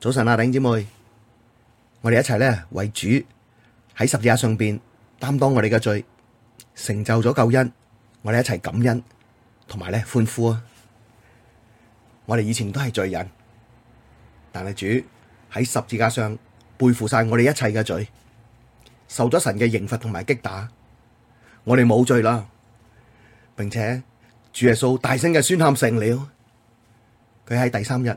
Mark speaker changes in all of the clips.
Speaker 1: 早晨啊，弟兄姊妹，我哋一齊咧為主喺十字架上邊擔當我哋嘅罪，成就咗救恩。我哋一齊感恩同埋咧歡呼啊！我哋以前都係罪人，但係主喺十字架上背負晒我哋一切嘅罪，受咗神嘅刑罰同埋擊打，我哋冇罪啦，並且主耶穌大聲嘅宣喊成了，佢喺第三日。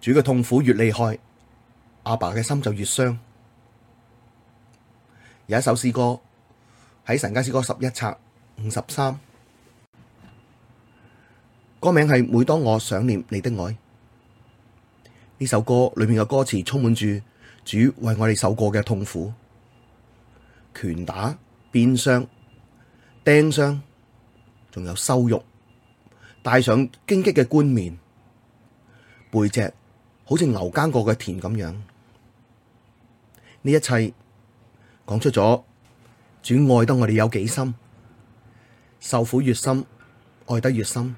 Speaker 1: 主嘅痛苦越厲害，阿爸嘅心就越傷。有一首詩歌喺《神家詩歌》十一冊五十三，歌名係《每當我想念你的愛》。呢首歌裏面嘅歌詞充滿住主為我哋受過嘅痛苦，拳打、鞭傷、釘傷，仲有羞辱，戴上荊棘嘅冠冕，背脊，好似牛耕過嘅田咁樣，呢一切講出咗主愛得我哋有幾深，受苦越深，愛得越深。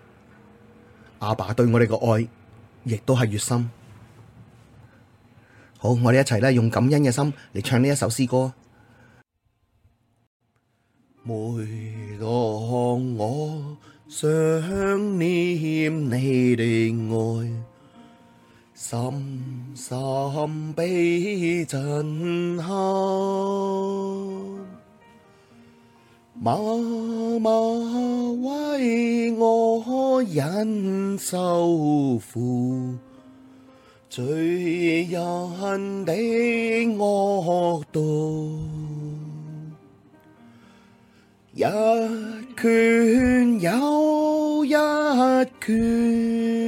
Speaker 1: 阿爸，爸對我哋嘅愛，亦都係越深。好，我哋一齊咧用感恩嘅心嚟唱呢一首詩歌。
Speaker 2: 每當
Speaker 1: 我想
Speaker 2: 念你嘅愛，深深被震撼，默默為我忍受苦，罪人的惡毒，一拳又一拳。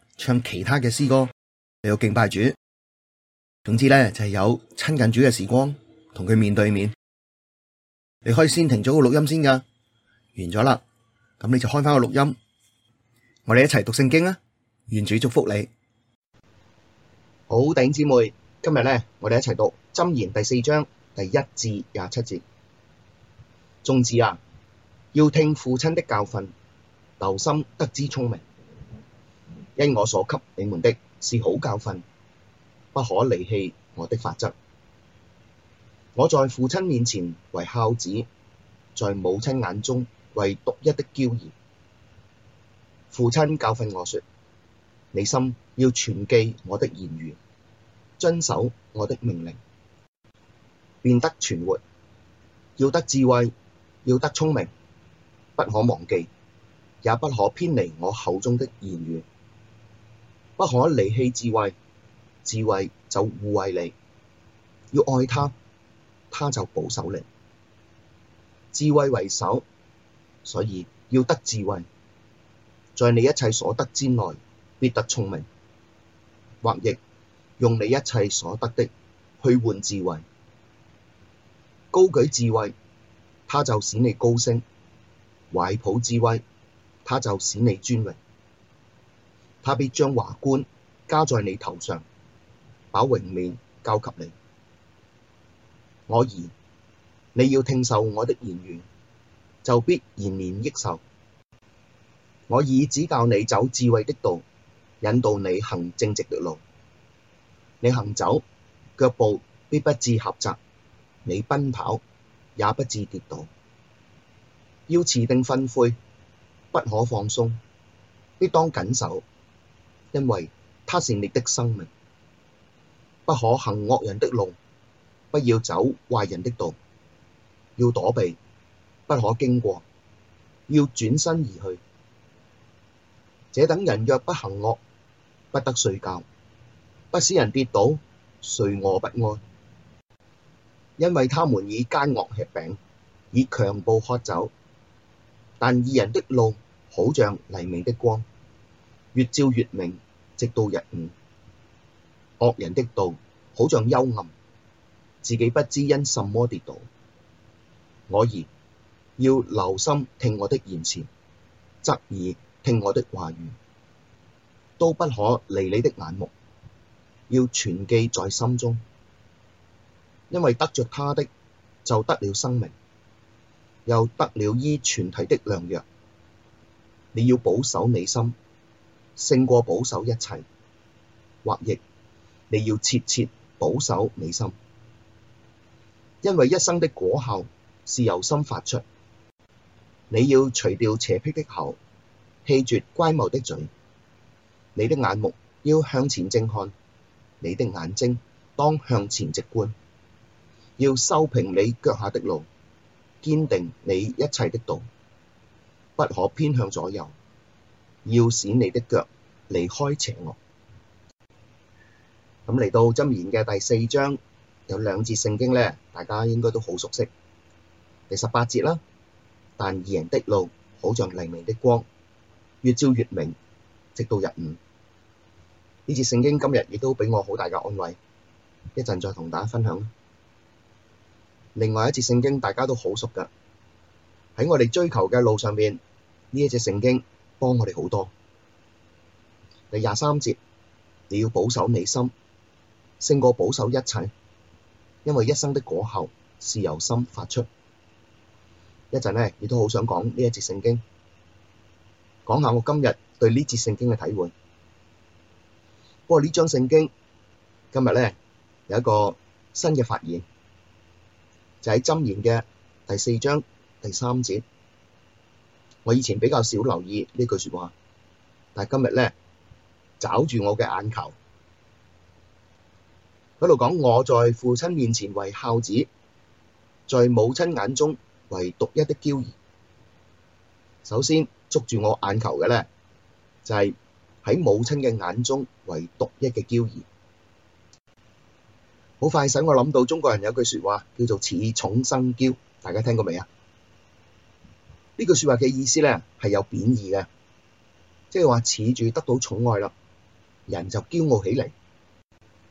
Speaker 1: 唱其他嘅詩歌，你要敬拜主。總之咧，就係、是、有親近主嘅時光，同佢面對面。你可以先停咗個錄音先噶，完咗啦，咁你就開翻個錄音，我哋一齊讀聖經啊！願主祝福你。好，弟兄姊妹，今日咧，我哋一齊讀箴言第四章第一至廿七節。眾子啊，要聽父親的教訓，留心得知聰明。因我所給你們的是好教訓，不可離棄我的法則。我在父親面前為孝子，在母親眼中為獨一的嬌兒。父親教訓我說：你心要存記我的言語，遵守我的命令，便得存活。要得智慧，要得聰明，不可忘記，也不可偏離我口中的言語。不可離棄智慧，智慧就護衛你。要愛他，他就保守你。智慧為首，所以要得智慧，在你一切所得之內必得聰明。或譯，用你一切所得的去換智慧，高舉智慧，他就使你高升；懷抱智慧，他就使你尊榮。他必將華冠加在你頭上，把榮冕交給你。我兒：「你要聽受我的言語，就必延年益壽。我已指教你走智慧的道，引導你行正直的路。你行走，腳步必不致狹窄；你奔跑，也不致跌倒。要持定訓誨，不可放鬆，必當謹守。因為他是你的生命，不可行惡人的路，不要走壞人的道，要躲避，不可經過，要轉身而去。這等人若不行惡，不得睡覺，不使人跌倒，睡臥不安，因為他們以奸惡吃餅，以強暴喝酒。但義人的路好像黎明的光。越照越明，直到日午。惡人的道好像幽暗，自己不知因什麼跌倒。我兒，要留心聽我的言詞，側耳聽我的話語，都不可離你的眼目，要存記在心中，因為得着他的，就得了生命，又得了醫全體的良藥。你要保守你心。勝過保守一切，或譯，你要切切保守你心，因為一生的果效是由心發出。你要除掉邪僻的口，棄絕乖謬的嘴。你的眼目要向前正看，你的眼睛當向前直觀，要修平你腳下的路，堅定你一切的道，不可偏向左右。要使你的腳，離開邪惡。咁嚟到箴言嘅第四章有兩節聖經呢，大家應該都好熟悉。第十八節啦、啊，但義人的路好像黎明的光，越照越明，直到日午。呢節聖經今日亦都畀我好大嘅安慰，一陣再同大家分享。另外一節聖經大家都好熟噶，喺我哋追求嘅路上面，呢一節聖經。幫我哋好多。第廿三節，你要保守你心，勝過保守一切，因為一生的果效是由心發出。一陣呢，亦都好想講呢一節聖經，講下我今日對呢節聖經嘅體會。不過呢章聖經今日咧有一個新嘅發現，就喺、是、箴言嘅第四章第三節。我以前比較少留意呢句説話，但今日呢，找住我嘅眼球喺度講，在我在父親面前為孝子，在母親眼中為獨一的嬌兒。首先捉住我眼球嘅呢，就係、是、喺母親嘅眼中為獨一嘅嬌兒。好快使我諗到中國人有句説話叫做恃寵生嬌，大家聽過未啊？呢句說話嘅意思咧，係有貶義嘅，即係話恃住得到寵愛啦，人就驕傲起嚟。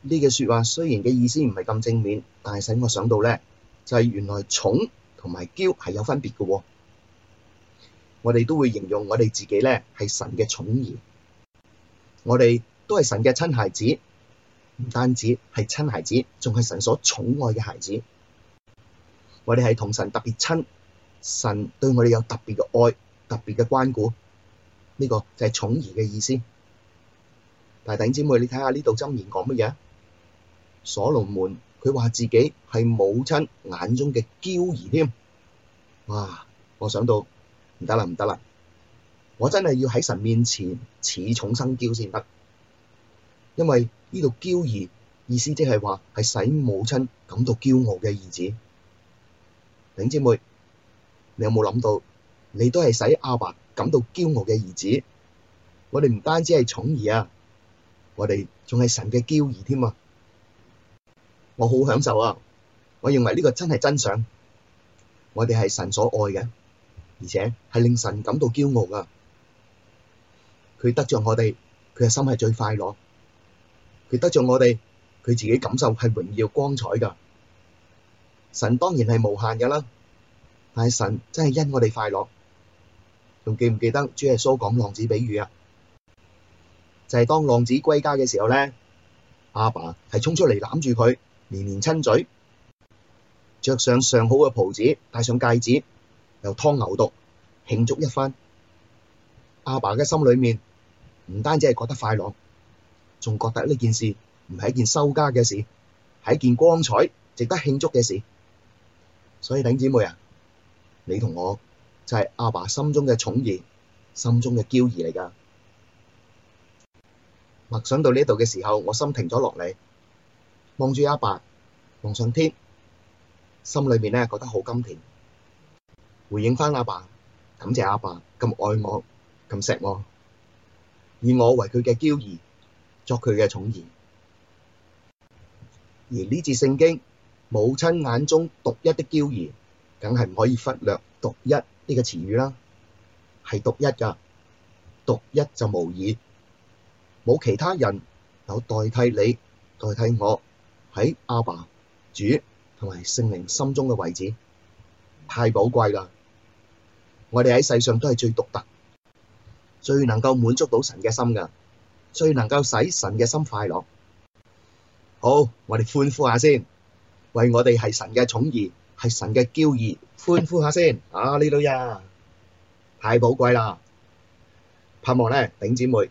Speaker 1: 呢句說話雖然嘅意思唔係咁正面，但係使我想到咧，就係原來寵同埋驕係有分別嘅。我哋都會形容我哋自己咧係神嘅寵兒，我哋都係神嘅親孩子，唔單止係親孩子，仲係神所寵愛嘅孩子。我哋係同神特別親。神對我哋有特別嘅愛，特別嘅關顧，呢、這個就係寵兒嘅意思。大係頂姐妹，你睇下呢度箴言講乜嘢？所羅門佢話自己係母親眼中嘅嬌兒，添哇！我想到唔得啦，唔得啦，我真係要喺神面前恃寵生嬌先得，因為呢度嬌兒意思即係話係使母親感到驕傲嘅兒子。頂姐妹。你有冇諗到，你都係使阿爸感到驕傲嘅兒子？我哋唔單止係寵兒啊,我哋仲係神嘅嬌兒添啊！我好享受啊！我認為呢個真係真相。我哋係神所愛嘅，而且係令神感到驕傲噶。佢得着我哋，佢嘅心係最快樂。佢得着我哋，佢自己感受係榮耀光彩噶。神當然係無限噶啦。但係神真係因我哋快樂，仲記唔記得主耶穌講浪子比喻啊？就係、是、當浪子歸家嘅時候咧，阿爸係衝出嚟攬住佢，連連親嘴，着上上好嘅袍子，戴上戒指，又湯牛毒慶祝一番。阿爸嘅心裏面唔單止係覺得快樂，仲覺得呢件事唔係一件收家嘅事，係一件光彩值得慶祝嘅事。所以，頂姊妹啊！你同我就係、是、阿爸心中嘅寵兒，心中嘅嬌兒嚟噶。默想到呢度嘅時候，我心停咗落嚟，望住阿爸，望上天，心裏面咧覺得好甘甜。回應翻阿爸，感謝阿爸咁愛我，咁錫我，以我為佢嘅嬌兒，作佢嘅寵兒。而呢次聖經，母親眼中獨一的嬌兒。梗係唔可以忽略獨一呢個詞語啦，係獨一噶，獨一就無二，冇其他人有代替你、代替我喺阿爸、主同埋聖靈心中嘅位置，太寶貴啦！我哋喺世上都係最獨特、最能夠滿足到神嘅心噶，最能夠使神嘅心快樂。好，我哋歡呼下先，為我哋係神嘅寵兒。係神嘅嬌兒，歡呼下先。啊，呢女啊，太寶貴啦！盼望咧，丁姊妹，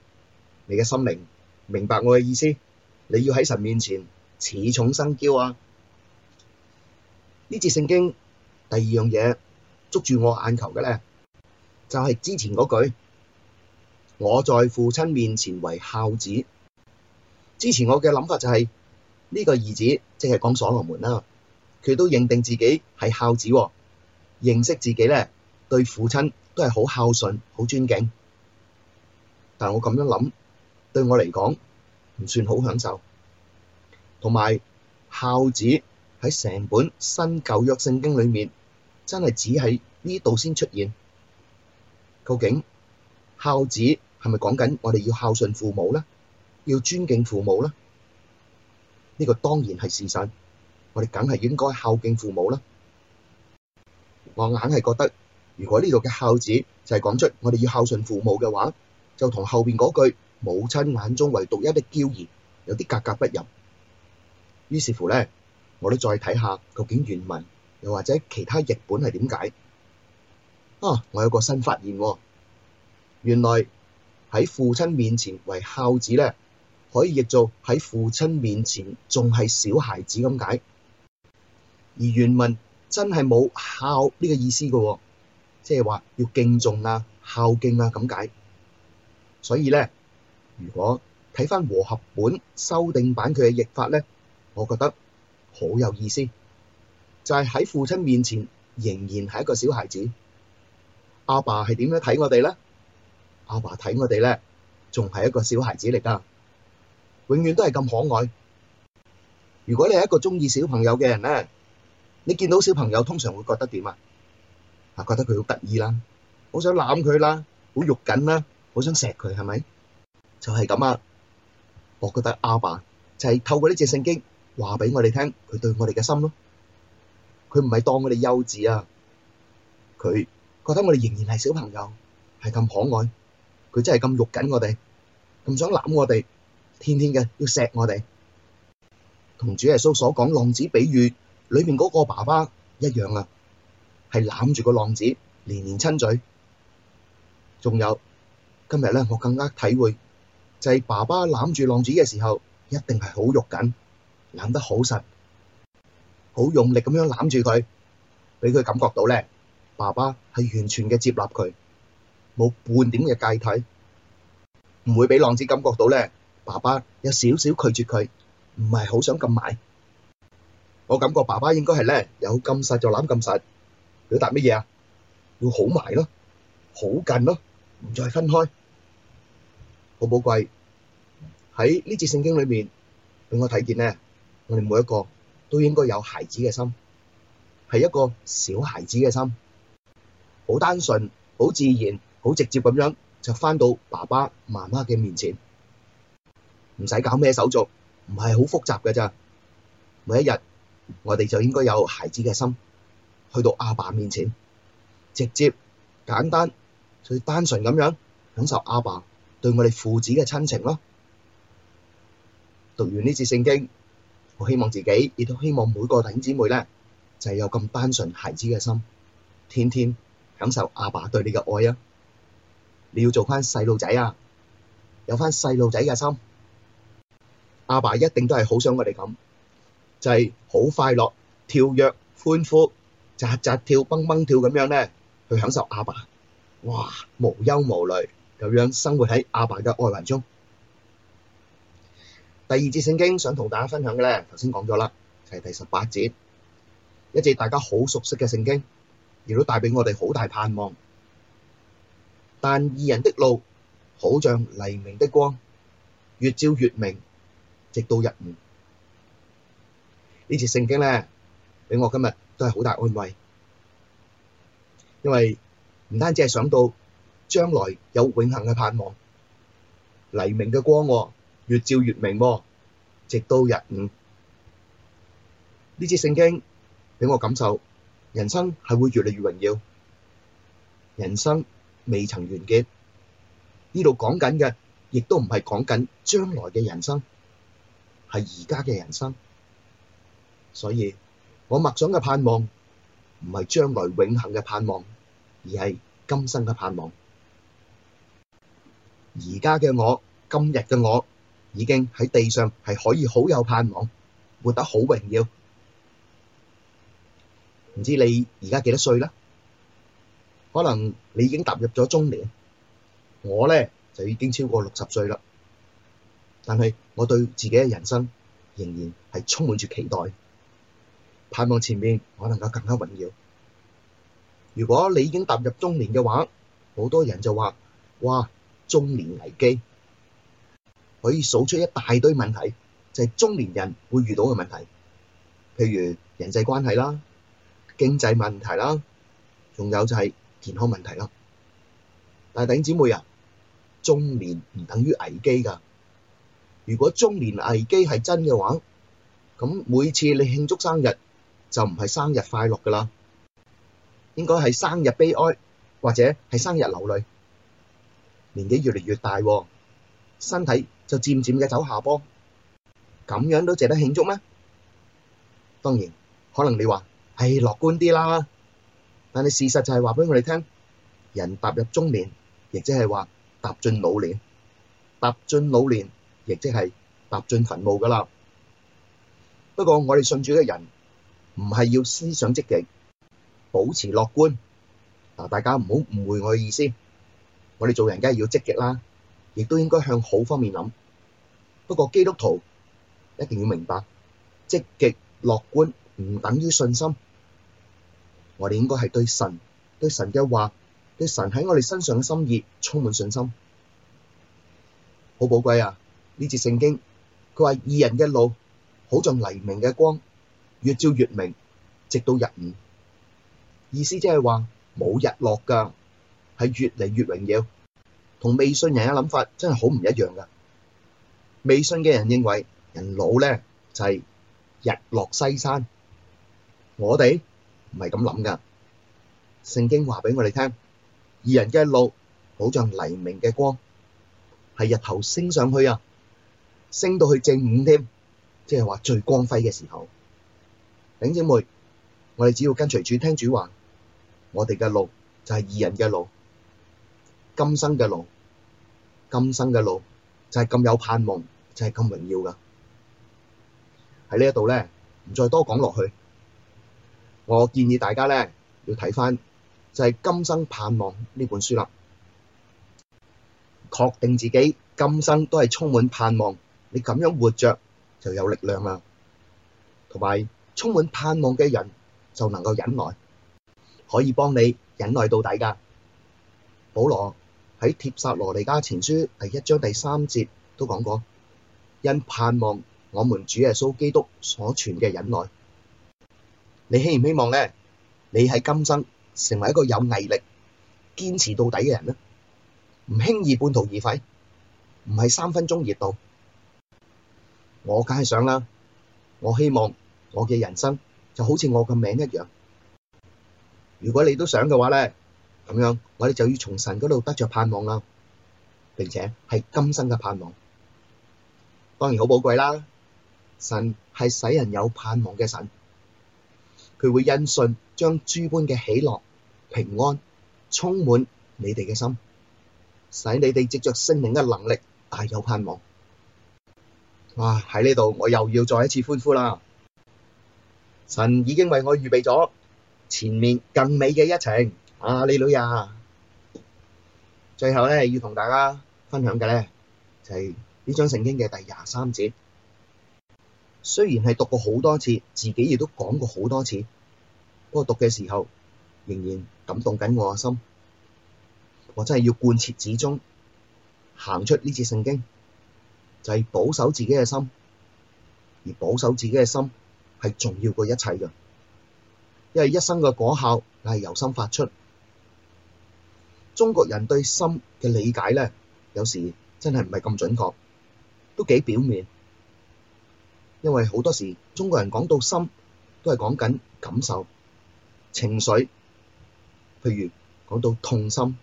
Speaker 1: 你嘅心靈明白我嘅意思，你要喺神面前恃寵生嬌啊！呢節聖經第二樣嘢捉住我眼球嘅咧，就係、是、之前嗰句，我在父親面前為孝子。之前我嘅諗法就係、是、呢、這個兒子，即係講所羅門啦、啊。佢都認定自己係孝子哦，認識自己咧對父親都係好孝順、好尊敬。但我咁樣諗，對我嚟講唔算好享受。同埋孝子喺成本新舊約聖經裡面真係只喺呢度先出現。究竟孝子係咪講緊我哋要孝順父母咧？要尊敬父母咧？呢個當然係事實。我哋梗係應該孝敬父母啦。我硬係覺得，如果呢度嘅孝子就係講出我哋要孝順父母嘅話，就同後邊嗰句母親眼中唯獨一嘅嬌兒有啲格格不入。於是乎咧，我都再睇下究竟原文，又或者其他譯本係點解啊？我有個新發現，啊，原來喺父親面前為孝子咧，可以譯做喺父親面前仲係小孩子咁解。而原文真係冇孝呢個意思嘅，即係話要敬重啊、孝敬啊咁解。所以咧，如果睇翻和合本修訂版佢嘅譯法咧，我覺得好有意思，就係喺父親面前仍然係一個小孩子爸爸。阿爸係點樣睇我哋咧？阿爸睇我哋咧，仲係一個小孩子嚟噶，永遠都係咁可愛。如果你係一個中意小朋友嘅人咧，你見到小朋友通常會覺得點啊？吓，覺得佢好得意啦，好想攬佢啦，好肉緊啦，好想錫佢係咪？就係咁啊！我覺得阿爸就係透過呢隻聖經話俾我哋聽佢對我哋嘅心咯。佢唔係當我哋幼稚啊！佢覺得我哋仍然係小朋友，係咁可愛。佢真係咁肉緊我哋，咁想攬我哋，天天嘅要錫我哋。同主耶穌所講浪子比喻。裏面嗰個爸爸一樣啊，係攬住個浪子，連連親嘴。仲有今日咧，我更加體會就係、是、爸爸攬住浪子嘅時候，一定係好肉緊，攬得好實，好用力咁樣攬住佢，俾佢感覺到咧，爸爸係完全嘅接納佢，冇半點嘅芥蒂，唔會俾浪子感覺到咧，爸爸有少少拒絕佢，唔係好想咁埋。我感覺爸爸應該係咧有咁實就攬咁實，表達乜嘢啊？要好埋咯，好近咯，唔再分開，好寶貴。喺呢節聖經裏面，俾我睇見咧，我哋每一個都應該有孩子嘅心，係一個小孩子嘅心，好單純、好自然、好直接咁樣就翻到爸爸媽媽嘅面前，唔使搞咩手續，唔係好複雜㗎咋。每一日。我哋就應該有孩子嘅心，去到阿爸面前，直接簡單最單純咁樣，享受阿爸對我哋父子嘅親情咯。讀完呢節聖經，我希望自己，亦都希望每個弟兄姊妹咧，就係有咁單純孩子嘅心，天天享受阿爸對你嘅愛啊！你要做翻細路仔啊，有翻細路仔嘅心，阿爸一定都係好想我哋咁。就係好快樂，跳躍、歡呼、扎扎跳、蹦蹦跳咁樣咧，去享受阿爸。哇，無憂無慮，咁樣生活喺阿爸嘅愛環中。第二節聖經想同大家分享嘅咧，頭先講咗啦，就係、是、第十八節，一節大家好熟悉嘅聖經，亦都帶俾我哋好大盼望。但義人的路，好像黎明的光，越照越明，直到日午。呢次聖經咧，俾我今日都係好大安慰，因為唔單止係想到將來有永恒嘅盼望，黎明嘅光，哦，越照越明，哦，直到日午。呢次聖經畀我感受，人生係會越嚟越榮耀，人生未曾完結。呢度講緊嘅亦都唔係講緊將來嘅人生，係而家嘅人生。所以，我默想嘅盼望，唔係將來永恆嘅盼望，而係今生嘅盼望。而家嘅我，今日嘅我，已經喺地上係可以好有盼望，活得好榮耀。唔知你而家幾多歲呢？可能你已經踏入咗中年，我呢就已經超過六十歲啦。但係我對自己嘅人生，仍然係充滿住期待。盼望前面我能夠更加穩妥。如果你已經踏入中年嘅話，好多人就話：「哇，中年危機，可以數出一大堆問題，就係中年人會遇到嘅問題，譬如人際關係啦、經濟問題啦，仲有就係健康問題啦。」但係，弟兄姊妹啊，中年唔等於危機㗎。如果中年危機係真嘅話，咁每次你慶祝生日，就唔係生日快樂㗎啦，應該係生日悲哀或者係生日流淚。年紀越嚟越大，哦，身體就漸漸嘅走下坡，咁樣都值得慶祝咩？當然，可能你話係樂觀啲啦，但係事實就係話俾我哋聽，人踏入中年，亦即係話踏進老年，踏進老年，亦即係踏進墳墓㗎啦。不過我哋信主嘅人，唔係要思想積極，保持樂觀。嗱，大家唔好誤會我嘅意思。我哋做人梗係要積極啦，亦都應該向好方面諗。不過基督徒一定要明白，積極樂觀唔等於信心。我哋應該係對神、對神嘅話、對神喺我哋身上嘅心意充滿信心。好寶貴啊！呢節聖經，佢話義人嘅路，好像黎明嘅光。越照越明，直到日午。意思即係話冇日落噶，係越嚟越榮耀。同未信人嘅諗法真係好唔一樣噶。未信嘅人認為人老咧就係日落西山，我哋唔係咁諗噶。聖經話俾我哋聽，義人嘅路好像黎明嘅光，係日頭升上去啊，升到去正午添，即係話最光輝嘅時候。弟兄姐妹，我哋只要跟隨主，聽主話，我哋嘅路就係義人嘅路，今生嘅路，今生嘅路就係咁有盼望，就係咁榮耀噶。喺呢一度咧，唔再多講落去。我建議大家咧要睇翻就係《今生盼望》呢本書啦，確定自己今生都係充滿盼望，你咁樣活着就有力量啦，同埋。充滿盼望嘅人就能夠忍耐，可以幫你忍耐到底噶。保羅喺帖撒羅尼迦前書第一章第三節都講過，因盼望我們主耶穌基督所存嘅忍耐。你希唔希望呢？你喺今生成為一個有毅力、堅持到底嘅人呢？唔輕易半途而廢，唔係三分鐘熱度。我梗係想啦，我希望。我嘅人生就好似我嘅名一樣。如果你都想嘅話咧，咁樣我哋就要從神嗰度得着盼望啦，並且係今生嘅盼望，當然好寶貴啦。神係使人有盼望嘅神，佢會因信將諸般嘅喜樂、平安充滿你哋嘅心，使你哋藉着生命嘅能力大有盼望。哇！喺呢度我又要再一次歡呼啦～神已經為我預備咗前面更美嘅一程。啊，阿利路亞，最後咧，要同大家分享嘅咧就係、是、呢章聖經嘅第廿三節。雖然係讀過好多次，自己亦都講過好多次，不過讀嘅時候仍然感動緊我嘅心。我真係要貫徹始終，行出呢節聖經，就係保守自己嘅心，而保守自己嘅心，係重要過一切嘅，因為一生嘅果效係由心發出。中國人對心嘅理解咧，有時真係唔係咁準確，都幾表面。因為好多時，中國人講到心，都係講緊感受、情緒，譬如講到痛心、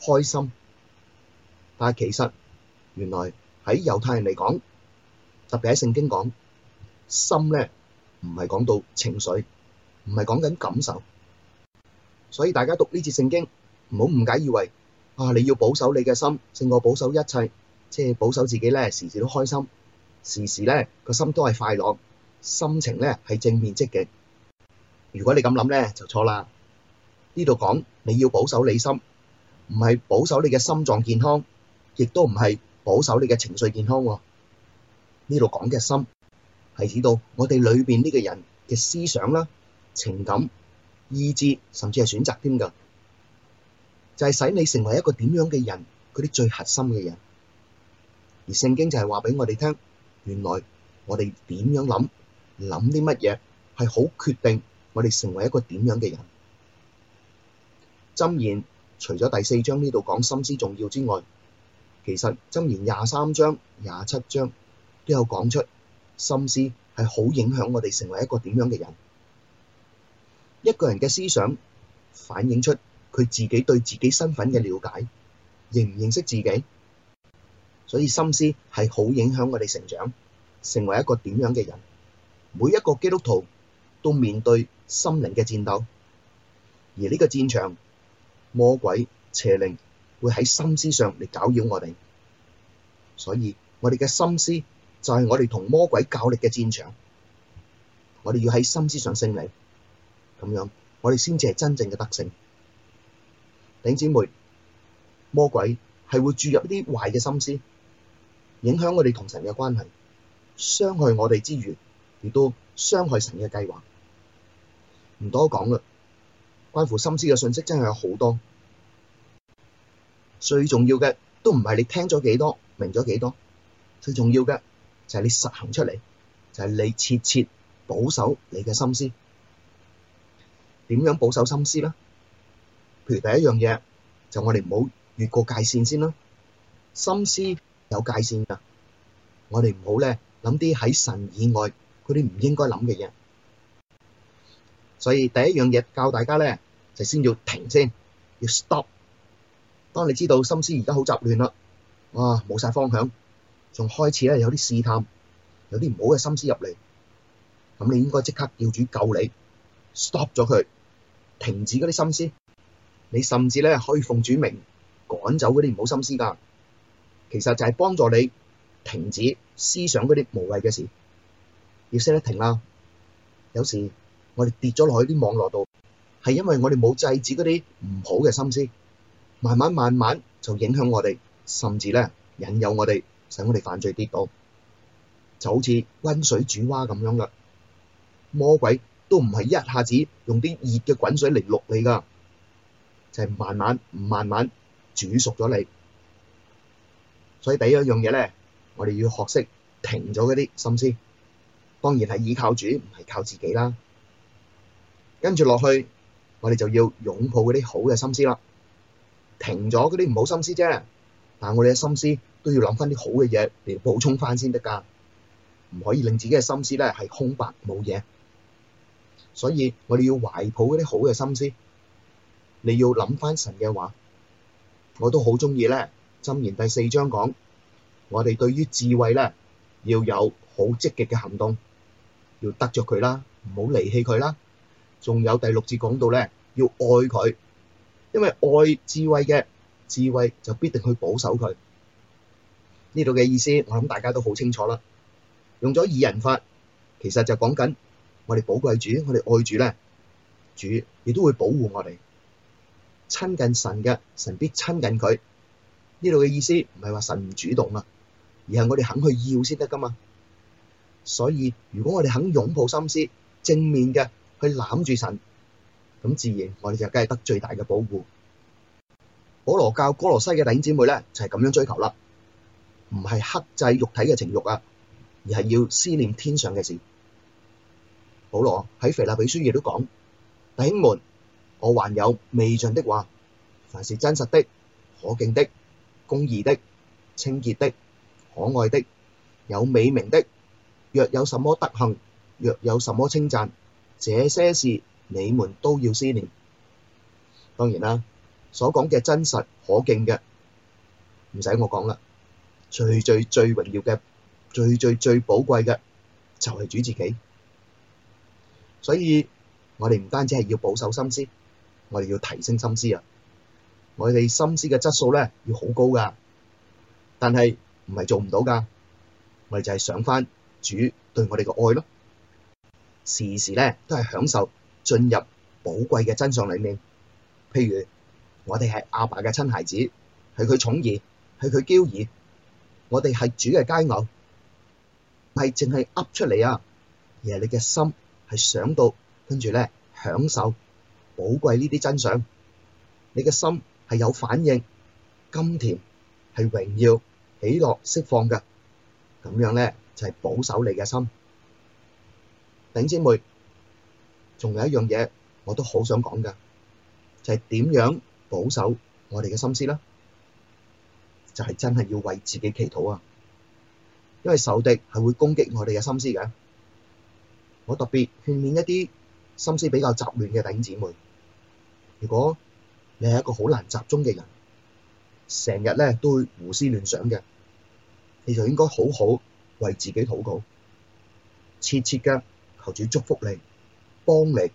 Speaker 1: 開心，但係其實原來喺猶太人嚟講，特別喺聖經講心咧。唔係講到情緒，唔係講緊感受，所以大家讀呢節聖經，唔好誤解以為啊，你要保守你嘅心，勝過保守一切，即係保守自己咧，時時都開心，時時咧個心都係快樂，心情咧係正面積極。如果你咁諗咧就錯啦，呢度講你要保守你心，唔係保守你嘅心臟健康，亦都唔係保守你嘅情緒健康。呢度講嘅心。係指導我哋裏邊呢個人嘅思想啦、情感、意志，甚至係選擇添㗎，就係使你成為一個點樣嘅人，嗰啲最核心嘅人。而聖經就係話俾我哋聽，原來我哋點樣諗、諗啲乜嘢係好決定我哋成為一個點樣嘅人。箴言除咗第四章呢度講心思重要之外，其實箴言廿三章、廿七章都有講出。心思係好影響我哋成為一個點樣嘅人。一個人嘅思想反映出佢自己對自己身份嘅了解，認唔認識自己。所以心思係好影響我哋成長，成為一個點樣嘅人。每一個基督徒都面對心靈嘅戰鬥，而呢個戰場，魔鬼邪靈會喺心思上嚟搞擾我哋。所以我哋嘅心思。就係我哋同魔鬼較力嘅戰場，我哋要喺心思上勝利，咁樣我哋先至係真正嘅得勝。頂姐妹，魔鬼係會注入啲壞嘅心思，影響我哋同神嘅關係，傷害我哋之餘，亦都傷害神嘅計劃。唔多講啦，關乎心思嘅信息真係有好多，最重要嘅都唔係你聽咗幾多，明咗幾多，最重要嘅。就係你實行出嚟，就係、是、你切切保守你嘅心思。點樣保守心思咧？譬如第一樣嘢，就我哋唔好越過界線先啦。心思有界線㗎，我哋唔好咧諗啲喺神以外嗰啲唔應該諗嘅嘢。所以第一樣嘢教大家咧，就先要停先，要 stop。當你知道心思而家好雜亂啦，哇、啊，冇晒方向。仲開始咧，有啲試探，有啲唔好嘅心思入嚟，咁你應該即刻叫主救你，stop 咗佢，停止嗰啲心思。你甚至咧可以奉主名趕走嗰啲唔好心思㗎。其實就係幫助你停止思想嗰啲無謂嘅事，要識得停啦。有時我哋跌咗落去啲網絡度，係因為我哋冇制止嗰啲唔好嘅心思，慢慢慢慢就影響我哋，甚至咧引誘我哋。使我哋犯罪跌倒，就好似溫水煮蛙咁樣噶。魔鬼都唔係一下子用啲熱嘅滾水嚟淥你噶，就係、是、慢慢慢慢煮熟咗你。所以第一樣嘢咧，我哋要學識停咗嗰啲心思，當然係依靠主，唔係靠自己啦。跟住落去，我哋就要擁抱嗰啲好嘅心思啦。停咗嗰啲唔好心思啫，但我哋嘅心思。都要諗翻啲好嘅嘢嚟補充翻先得㗎，唔可以令自己嘅心思咧係空白冇嘢。所以我哋要懷抱嗰啲好嘅心思，你要諗翻神嘅話。我都好中意咧，箴言第四章講，我哋對於智慧咧要有好積極嘅行動，要得着佢啦，唔好離棄佢啦。仲有第六節講到咧，要愛佢，因為愛智慧嘅智慧就必定去保守佢。呢度嘅意思，我諗大家都好清楚啦。用咗二人法，其實就講緊我哋寶貴主，我哋愛主咧，主亦都會保護我哋。親近神嘅，神必親近佢。呢度嘅意思唔係話神唔主動啊，而係我哋肯去要先得噶嘛。所以如果我哋肯擁抱心思正面嘅去攬住神，咁自然我哋就梗係得最大嘅保護。保羅教哥羅西嘅弟兄姊妹咧，就係咁樣追求啦。唔係克制肉體嘅情慾啊，而係要思念天上嘅事。保羅喺腓立比書亦都講，弟兄們，我還有未盡的話，凡是真實的、可敬的、公義的、清潔的、可愛的、有美名的，若有什麼德行，若有什麼稱讚，這些事你們都要思念。當然啦，所講嘅真實可敬嘅，唔使我講啦。最最最榮耀嘅、最最最寶貴嘅就係、是、主自己，所以我哋唔單止係要保守心思，我哋要提升心思啊！我哋心思嘅質素咧要好高噶，但係唔係做唔到噶，我哋就係想翻主對我哋嘅愛咯。時時咧都係享受進入寶貴嘅真相裏面，譬如我哋係阿爸嘅親孩子，係佢寵兒，係佢嬌兒。我哋係主嘅佳偶，唔係淨係噏出嚟啊，而係你嘅心係想到，跟住咧享受寶貴呢啲真相，你嘅心係有反應，甘甜係榮耀喜樂釋放嘅，咁樣咧就係保守你嘅心。丁姊妹，仲有一樣嘢我都好想講噶，就係點樣保守我哋嘅心思啦。就係真係要為自己祈禱啊！因為仇敵係會攻擊我哋嘅心思嘅。我特別勸勉一啲心思比較雜亂嘅弟兄姊妹，如果你係一個好難集中嘅人，成日咧都會胡思亂想嘅，你就應該好好為自己禱告，切切嘅求主祝福你、幫你、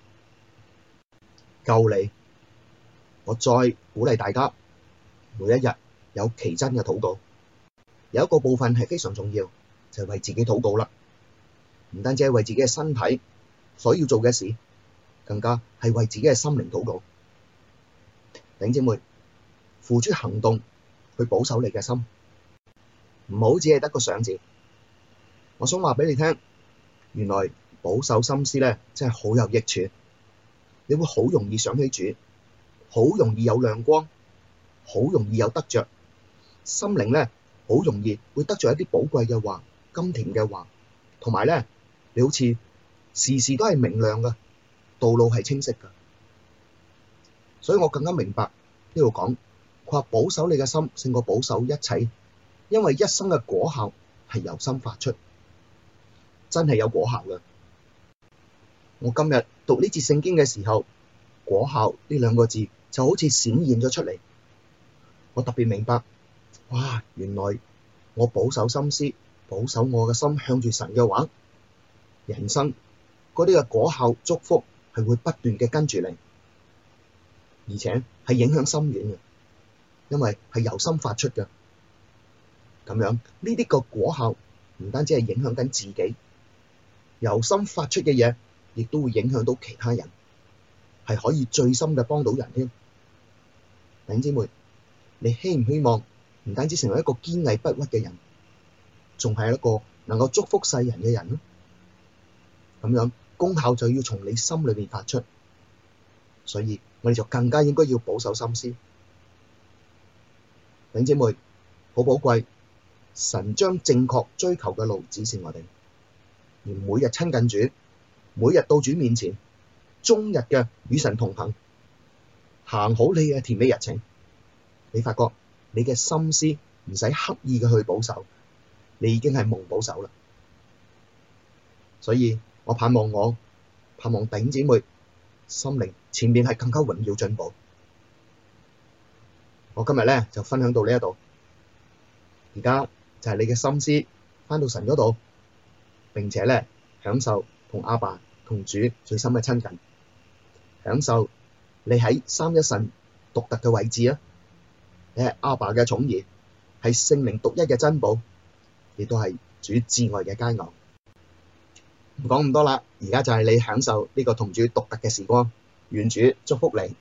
Speaker 1: 救你。我再鼓勵大家，每一日。有奇珍嘅禱告，有一個部分係非常重要，就係、是、為自己禱告啦。唔單止係為自己嘅身體所要做嘅事，更加係為自己嘅心靈禱告。弟兄姊妹，付出行動去保守你嘅心，唔好只係得個想字。我想話俾你聽，原來保守心思咧，真係好有益處。你會好容易想起主，好容易有亮光，好容易有得着。心靈咧，好容易會得著一啲寶貴嘅話、甘甜嘅話，同埋咧，你好似時時都係明亮嘅，道路係清晰嘅。所以我更加明白呢度講，佢話保守你嘅心勝過保守一切，因為一生嘅果效係由心發出，真係有果效嘅。我今日讀呢節聖經嘅時候，果效呢兩個字就好似閃現咗出嚟，我特別明白。哇！原來我保守心思，保守我嘅心向住神嘅話，人生嗰啲嘅果效祝福係會不斷嘅跟住你，而且係影響深遠嘅，因為係由心發出嘅。咁樣呢啲，這個果效唔單止係影響緊自己，由心發出嘅嘢，亦都會影響到其他人，係可以最深嘅幫到人添。弟兄姊妹，你希唔希望？唔單止成為一個堅毅不屈嘅人，仲係一個能夠祝福世人嘅人咯。咁樣功效就要從你心裏面發出，所以我哋就更加應該要保守心思。弟兄姊妹好寶貴，神將正確追求嘅路指示我哋，而每日親近主，每日到主面前，終日嘅與神同行，行好你嘅甜美日程，你發覺。你嘅心思唔使刻意嘅去保守，你已經係蒙保守啦。所以我盼望我，盼望頂姊妹心靈前面係更加榮耀進步。我今日咧就分享到呢一度，而家就係你嘅心思返到神嗰度，並且咧享受同阿爸同主最深嘅親近，享受你喺三一神獨特嘅位置啊！你係阿爸嘅寵兒，係聖靈獨一嘅珍寶，亦都係主至愛嘅佳偶。唔講咁多啦，而家就係你享受呢個同主獨特嘅時光。願主祝福你。